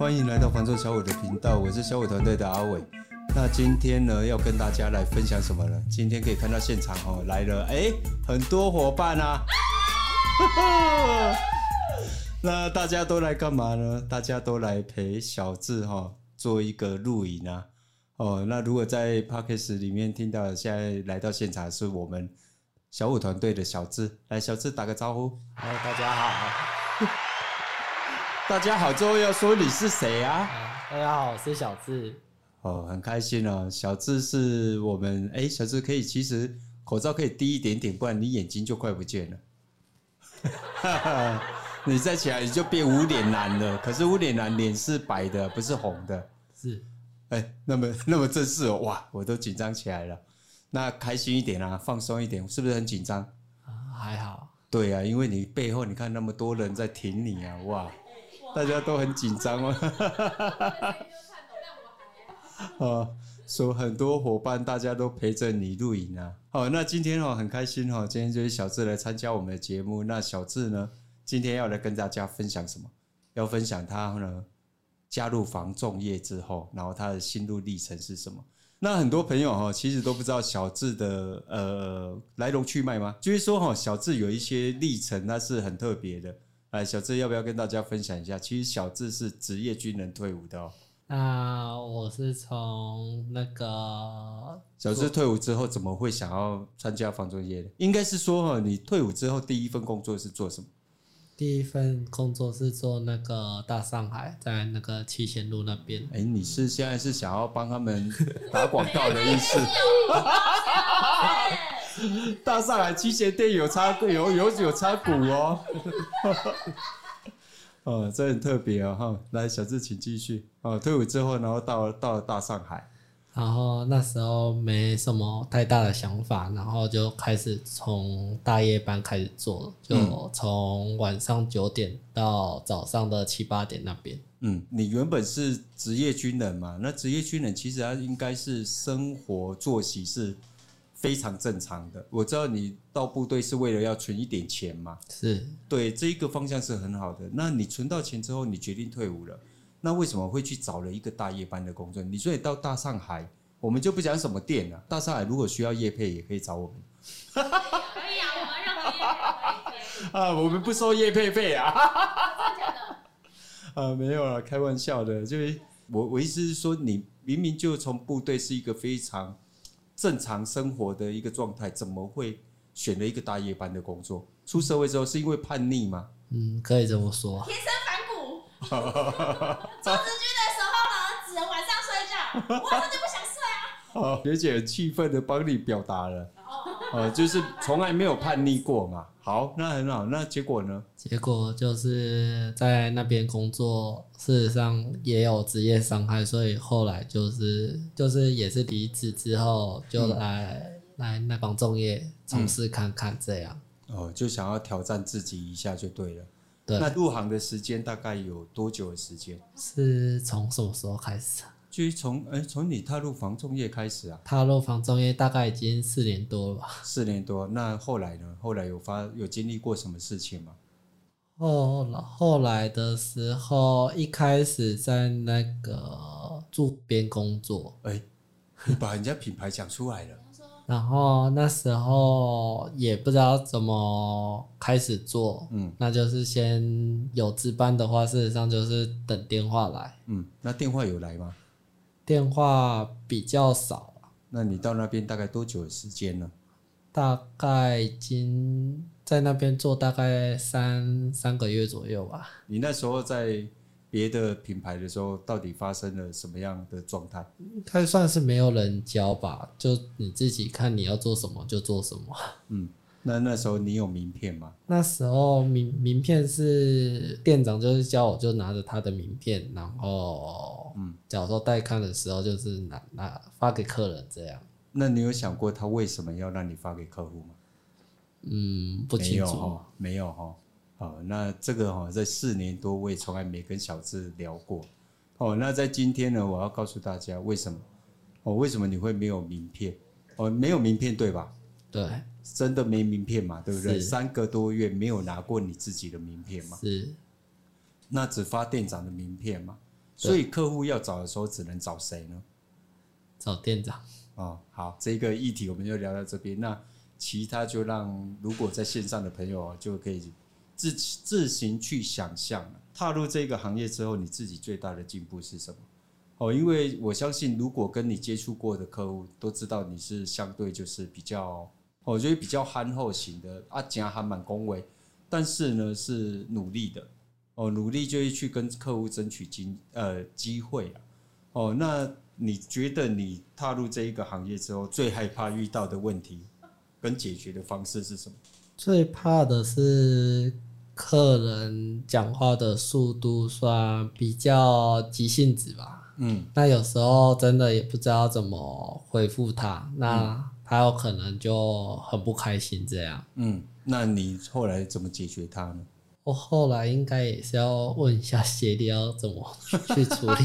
歡迎來到房仲小武的頻道，我是小武團隊的阿偉。那今天呢，要跟大家來分享什麼呢？今天可以看到現場哦，來了，哎，很多夥伴啊。啊 那大家都來幹嘛呢？大家都來陪小智哈、哦、做一個錄影啊。哦，那如果在 podcast 裡面聽到，現在來到現場是我們小武團隊的小智，來，小智打個招呼。哎，大家好。大家好，最後要說你是誰啊？大家好，我是小智。哦，很開心哦，小智是我們哎、欸，小智可以其實口罩可以低一點點，不然你眼睛就快不見了。哈哈，你再起來你就變無臉男了。可是無臉男臉是白的，不是紅的。是，哎、欸，那麼那麼正式哦，哇，我都緊張起來了。那開心一點啊，放鬆一點，是不是很緊張？還好。對啊，因為你背後你看那麼多人在挺你啊，哇。大家都很緊張哦，哈哈哈哈哈！啊，說很多伙伴大家都陪著你錄影啊。好，那今天哈很開心哈，今天就是小智來參加我們的節目。那小智呢，今天要來跟大家分享什麼？要分享他呢加入房仲業之後，然後他的心路歷程是什麼？那很多朋友哈，其實都不知道小智的呃來龍去脈嗎？就是說哈，小智有一些歷程那是很特別的。哎，小智要不要跟大家分享一下？其實小智是職業軍人退伍的哦。那我是從那個小智退伍之後，怎麼會想要參加房仲業？應該是說你退伍之後第一份工作是做什麼？第一份工作是做那個大上海，在那個七賢路那邊。哎，你是現在是想要幫他們打廣告的意思？ 大上海機械店有插隊，有有有插股哦， 哦，哦。哦，這很特別哦。哈，來，小智，請繼續。哦。退伍之後，然後到到了大上海，然後那時候沒什麼太大的想法，然後就開始從大夜班開始做，就從晚上九點到早上的七八點那邊。嗯，你原本是職業軍人嘛？那職業軍人其實他應該是生活作息是。非常正常的，我知道你到部隊是為了要存一點錢嘛，是對這一個方向是很好的。那你存到錢之後，你決定退伍了，那為什麼會去找了一個大夜班的工作？你說你到大上海，我們就不講什麼店了。大上海如果需要業配，也可以找我們。可以啊，我們讓啊，我們不收業配費啊。真的？啊，沒有啊，開玩笑的。就是我，我意思是說，你明明就從部隊是一個非常。正常生活的一個狀態，怎麼會選了一個大夜班的工作？出社會之後是因為叛逆嗎？嗯，可以這麼說。天生反骨。做職軍的時候呢，只能晚上睡覺，我晚上就不想睡啊。學姐很氣憤的幫你表達了。呃，就是從來沒有叛逆過嘛。好，那很好。那結果呢？結果就是在那邊工作，事實上也有職業傷害，所以後來就是就是也是離職之後，就來、嗯、來那房仲業嘗試看看這樣。哦、嗯呃，就想要挑戰自己一下就對了。對。那入行的時間大概有多久的時間？是從什麼時候開始？就從哎，從、欸、你踏入房仲業開始啊，踏入房仲業大概已經四年多了吧。四年多，那後來呢？後來有發有經歷過什麼事情嗎？後來後來的時候，一開始在那個駐編工作。哎、欸，你把人家品牌講出來了。 然後那時候也不知道怎麼開始做，嗯，那就是先有值班的話，事實上就是等電話來。嗯，那電話有來嗎？電話比較少，那你到那邊大概多久的時間呢？大概已經在那邊做大概三三個月左右吧。你那時候在別的品牌的時候，到底發生了什麼樣的狀態？應該算是沒有人教吧，就你自己看你要做什麼就做什麼。嗯，那那時候你有名片嗎？那時候名名片是店長就是教我就拿着他的名片，然後。嗯，假如說帶看的時候就是拿拿發給客人這樣。那你有想過他為什麼要讓你發給客戶嗎？嗯，不清楚，沒有哈、哦。好、哦哦，那這個哈、哦，在四年多我也從來沒跟小志聊過。哦，那在今天呢，我要告訴大家為什麼哦？為什麼你會沒有名片？哦，沒有名片對吧？對，真的沒名片嘛，對不對？三個多月沒有拿過你自己的名片嘛？是，那只發店長的名片嘛？所以客戶要找的時候只能找誰呢？找店長。哦，好，這個議題我們就聊到這邊。那其他就讓如果在線上的朋友就可以自自行去想象踏入這個行業之後，你自己最大的進步是什麼？哦，因為我相信，如果跟你接觸過的客戶都知道，你是相對就是比較，我覺得比較憨厚型的，啊，講的還蠻恭維，但是呢是努力的。哦，努力就會去跟客戶爭取機，呃，機會啊，哦，那你覺得你踏入這一個行業之後，最害怕遇到的問題跟解決的方式是什麼？最怕的是客人講話的速度算比較急性子吧。嗯，那有時候真的也不知道怎麼回覆他，那他有可能就很不開心這樣。嗯，那你後來怎麼解決他呢？我後來應該也是要問一下鞋底要怎麼去處理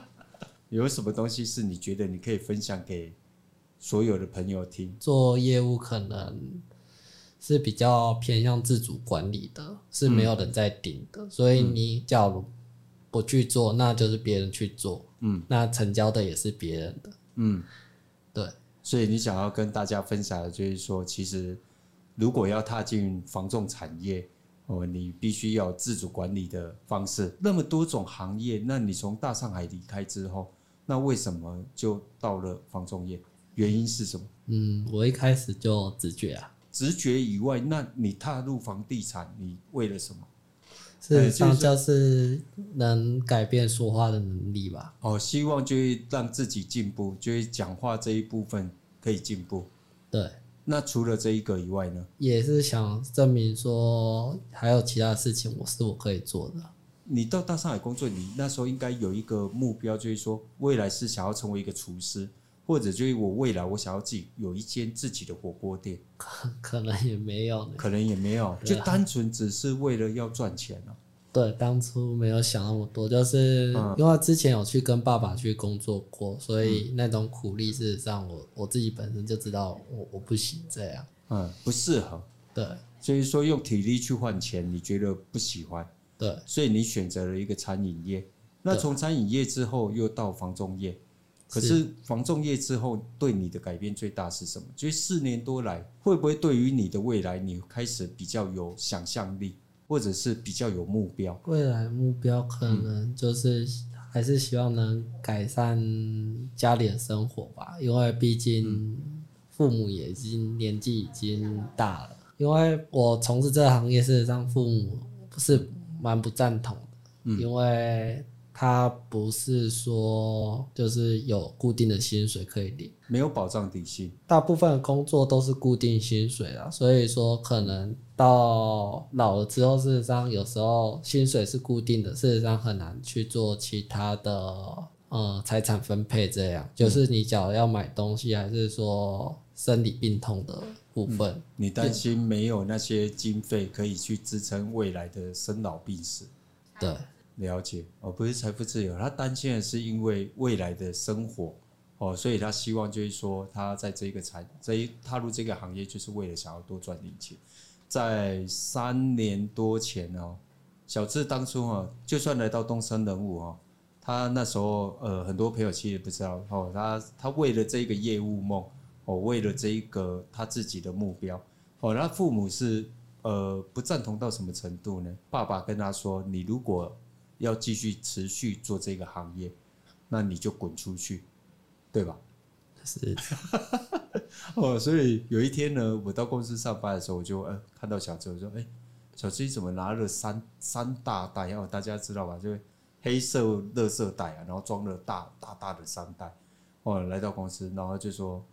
有什麼東西是你覺得你可以分享給所有的朋友聽？做業務可能是比較偏向自主管理的，是沒有人在頂的，嗯，所以你假如不去做，那就是別人去做。嗯，那成交的也是別人的。嗯，對。所以你想要跟大家分享的就是說，其實如果要踏進房仲產業。哦，你必須要自主管理的方式。那麼多種行業，那你從大上海離開之後，那為什麼就到了房仲業？原因是什麼？嗯，我一開始就直覺啊，直覺以外，那你踏入房地產，你為了什麼？是，就是能改變說話的能力吧。哦，希望就會讓自己進步，就會講話這一部分可以進步。對。那除了這一個以外呢？也是想證明說還有其他事情我是我可以做的啊。你到大上海工作，你那時候應該有一個目標，就是說未來是想要成為一個廚師，或者就是我未來我想要自己有一間自己的火鍋店。可能也沒有，可能也沒有，就單純只是為了要賺錢啊對，當初沒有想那麼多，就是因為我之前有去跟爸爸去工作過，嗯，所以那種苦力，事實上我我自己本身就知道我，我我不行這樣，嗯，不適合。對，所以說用體力去換錢，你覺得不喜歡？對，所以你選擇了一個餐飲業，那從餐飲業之後又到房仲業，可是房仲業之後對你的改變最大是什麼？就是四年多來，會不會對於你的未來，你開始比較有想象力？或者是比較有目標，未來目標可能就是還是希望能改善家裡的生活吧，因為畢竟父母也已經年紀已經大了，因為我從事這個行業，事實上父母是蠻不贊同的、嗯、因為。他不是說就是有固定的薪水可以領，沒有保障底薪。大部分的工作都是固定薪水啊，所以說可能到老了之後，事實上有時候薪水是固定的，事實上很難去做其他的呃財產分配、嗯。這樣就是你假如要買東西，還是說生理病痛的部分、嗯，你擔心沒有那些經費可以去支撐未來的生老病死，對。了解哦，不是財富自由，他擔心的是因為未來的生活哦，所以他希望就是說，他在這個財這一踏入這個行業，就是為了想要多賺點錢。在三年多前哦，小智當初哦，就算來到東森仁武哦，他那時候呃，很多朋友其實也不知道哦，他他為了這個業務夢哦，為了這一個他自己的目標哦，他父母是呃不贊同到什麼程度呢？爸爸跟他說：“你如果”要繼續持續做這個行業，那你就滾出去，對吧？是 哦，所以有一天呢，我到公司上班的時候，我就嗯、欸、看到小志，我說哎、欸，小志怎麼拿了三三大袋？哦，大家知道吧？就黑色垃圾袋啊，然後裝了大大大的三袋。哦，來到公司，然後就說，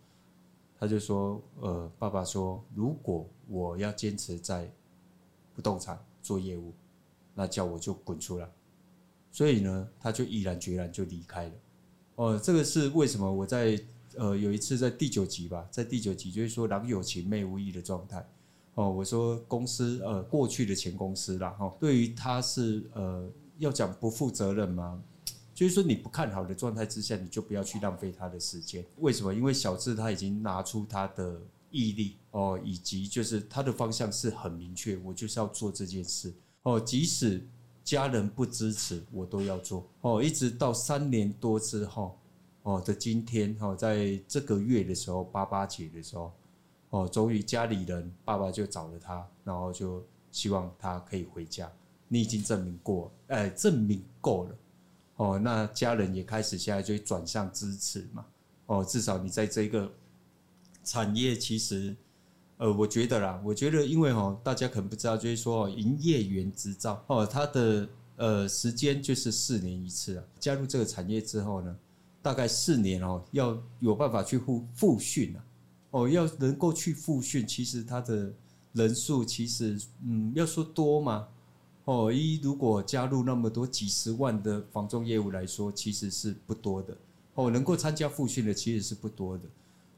他就說，呃，爸爸說，如果我要堅持在不動產做業務，那叫我就滾出來。所以呢，他就毅然決然就離開了。哦，這個是為什麼？我在呃有一次在第九集吧，在第九集就是說“郎有情，妹無意”的狀態。哦，我說公司呃過去的前公司啦，哈，對於他是呃要講不負責任嗎？就是說你不看好的狀態之下，你就不要去浪費他的時間。為什麼？因為小智他已經拿出他的毅力哦，以及就是他的方向是很明確，我就是要做這件事哦，即使。家人不支持，我都要做哦，一直到三年多之後，哦的今天哈，在這個月的時候，爸爸節的時候，哦，終於家裡人爸爸就找了他，然後就希望他可以回家。你已經證明過，哎，證明夠了，哦，那家人也開始現在就轉向支持嘛，哦，至少你在這個產業其實。呃，我覺得啦，我覺得因為哦，大家可能不知道，就是說，營業員執照哦，他的呃時間就是四年一次啊。加入這個產業之後呢，大概四年哦，要有辦法去複複訓啊。哦，要能夠去複訓，其實它的人數其實嗯，要說多嗎？哦，一如果加入那麼多幾十萬的房仲業務來說，其實是不多的。哦，能夠參加複訓的其實是不多的。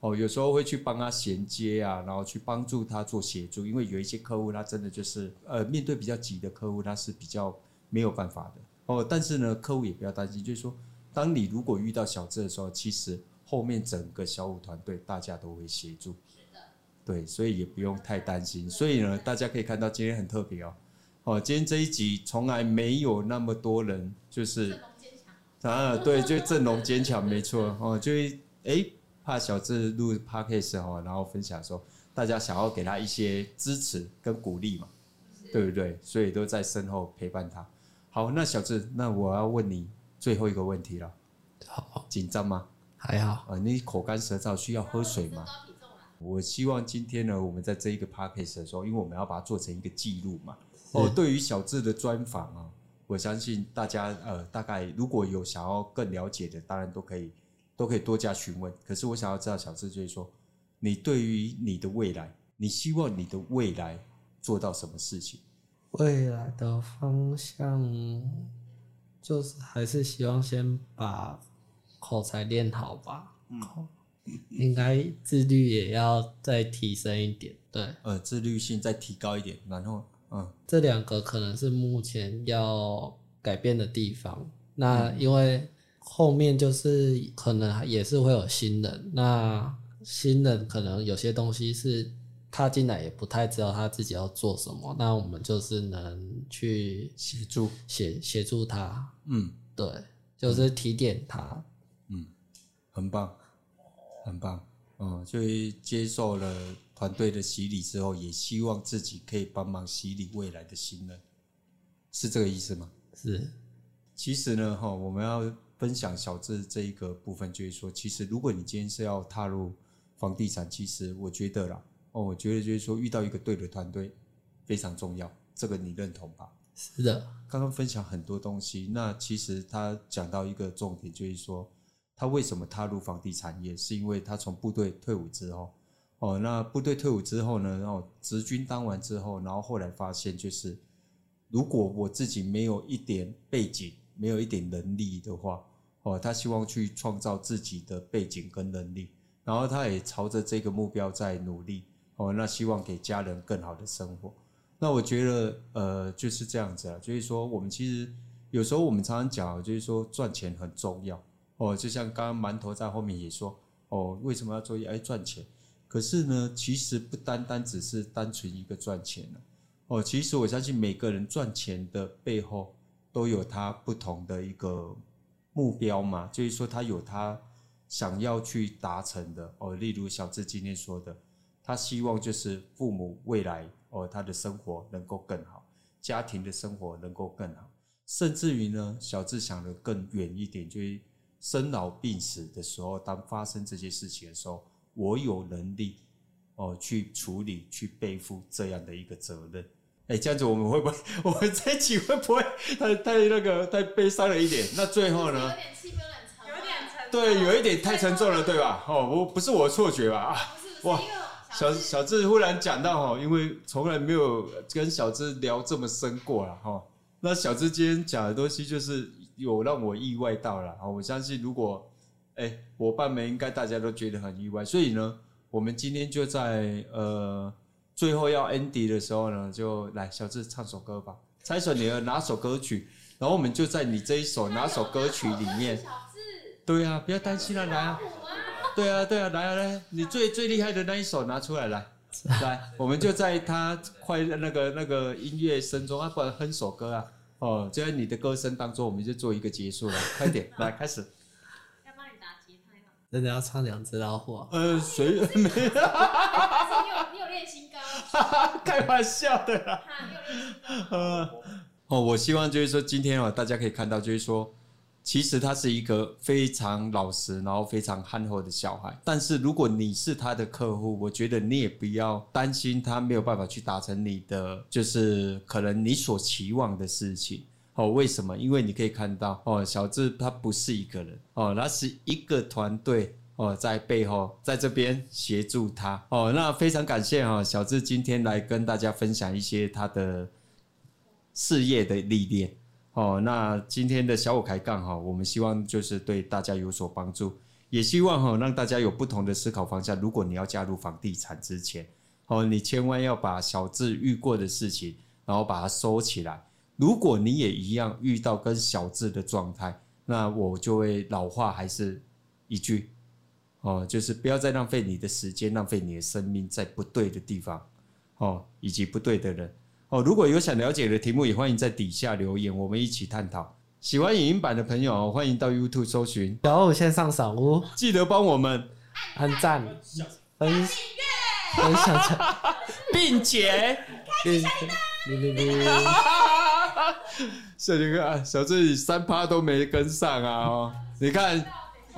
哦，有時候會去幫他銜接啊，然後去幫助他做協助，因為有一些客戶他真的就是呃，面對比較急的客戶他是比較沒有辦法的哦。但是呢，客戶也不要擔心，就是說，當你如果遇到小智的時候，其實後面整個小武團隊大家都會協助。是的，對，所以也不用太擔心。所以呢，大家可以看到今天很特別哦。哦，今天這一集從來沒有那麼多人，就是陣容堅強啊，對，就陣容堅強，對對對對沒錯哦，就是、欸怕小智錄 podcast 哦，然後分享說，大家想要給他一些支持跟鼓勵嘛，對不對？所以都在身後陪伴他。好，那小智，那我要問你最後一個問題了。好，緊張嗎？還好。啊、呃，你口乾舌燥，需要喝水嗎？我、啊？我希望今天呢，我們在這一個 podcast 的時候，因為我們要把它做成一個記錄嘛。哦、喔，對於小智的專訪啊，我相信大家呃，大概如果有想要更了解的，當然都可以。都可以多加詢問，可是我想要知道，小志，就是說，你對於你的未來，你希望你的未來做到什麼事情？未來的方向，就是還是希望先把口才練好吧，嗯，應該自律也要再提升一點，對，呃，嗯，自律性再提高一點，然後，嗯，這兩個可能是目前要改變的地方，那因為，嗯。後面就是可能也是會有新人，那新人可能有些東西是他進來也不太知道他自己要做什麼，那我們就是能去協助協協助他，嗯，對，就是提點他，嗯，很棒，很棒，嗯，就接受了團隊的洗禮之後，也希望自己可以幫忙洗禮未來的新人，是這個意思嗎？是，其實呢，哈，我們要。分享小智這一個部分，就是說，其實如果你今天是要踏入房地產，其實我覺得啦，哦，我覺得就是說，遇到一個對的團隊非常重要，這個你認同吧？是的，剛剛分享很多東西，那其實他講到一個重點，就是說，他為什麼踏入房地產業，是因為他從部隊退伍之後，哦，那部隊退伍之後呢，哦，職軍當完之後，然後後來發現就是，如果我自己沒有一點背景。沒有一點能力的話，哦，他希望去創造自己的背景跟能力，然後他也朝着這個目標在努力，哦，那希望給家人更好的生活。那我覺得，呃，就是這樣子啊。就是說，我們其實有時候我們常常講，就是說賺錢很重要，哦，就像剛剛饅頭在後面也說，哦，為什麼要做？哎，賺錢。可是呢，其實不單單只是單純一個賺錢哦，其實我相信每個人賺錢的背後。都有他不同的一個目標嘛，就是說他有他想要去達成的哦。例如小智今天說的，他希望就是父母未來哦，他的生活能夠更好，家庭的生活能夠更好，甚至於呢，小智想的更遠一點，就是生老病死的時候，當發生這些事情的時候，我有能力哦去處理、去背負這樣的一個責任。哎，這樣子我們會不會，我們在一起會不會太太那個太悲傷了一點？那最後呢？有點氣氛很沉。有點沉。對，有一點太沉重了，對吧？哦，我不是我的錯覺吧？不是。哇，小小志忽然講到哦，因為從來沒有跟小志聊這麼深過了哈。那小志今天講的東西就是有讓我意外到了啊！我相信，如果哎，伙伴們應該大家都覺得很意外，所以呢，我們今天就在呃。最後要 end 的時候呢，就來小智唱首歌吧，猜猜你的哪首歌曲，然後我們就在你這一首哪首歌曲裡面。小智。對啊，不要擔心了，來啊。對啊，對啊，對啊來啊來，你最最厲害的那一首拿出來來來，我們就在他快那個那個音樂聲中啊，快哼首歌啊，哦，就在你的歌聲當中，我們就做一個結束了，快點，來開始。要幫你打節拍嗎？真的要唱兩隻老虎？呃，誰？沒 開玩笑的啦。哦，我希望就是說，今天啊，大家可以看到，就是說，其實他是一個非常老實，然後非常憨厚的小孩。但是如果你是他的客戶，我覺得你也不要擔心他沒有辦法去達成你的，就是可能你所期望的事情。哦，為什麼？因為你可以看到，哦，小智他不是一個人，哦，他是一個團隊。哦，在背後在這邊協助他哦，那非常感謝哈，小智今天來跟大家分享一些他的事業的歷練哦。那今天的小武開槓哈，我們希望就是對大家有所幫助，也希望哈讓大家有不同的思考方向。如果你要加入房地產之前哦，你千萬要把小智遇過的事情，然後把它收起來。如果你也一樣遇到跟小智的狀態，那我就會老話還是一句。哦，就是不要再浪費你的時間，浪費你的生命在不對的地方哦，以及不對的人哦。如果有想了解的題目，也歡迎在底下留言，我們一起探討。喜歡影音版的朋友、喔，歡迎到 YouTube 搜尋。然後我線上賞屋，記得幫我們按讚、分享、分享、嗯嗯嗯， 並且開、 嗯嗯、小杰哥，小杰你三趴都沒跟上啊,、喔啊！你看。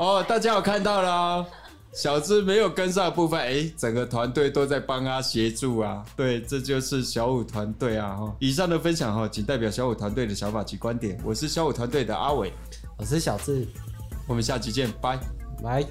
哦，大家有看到啦、哦，小智沒有跟上的部分，哎，整個團隊都在幫他協助啊，對，這就是小武團隊啊、哦、以上的分享哈、哦，僅代表小武團隊的想法及觀點，我是小武團隊的阿偉，我是小智，我們下期見，拜拜。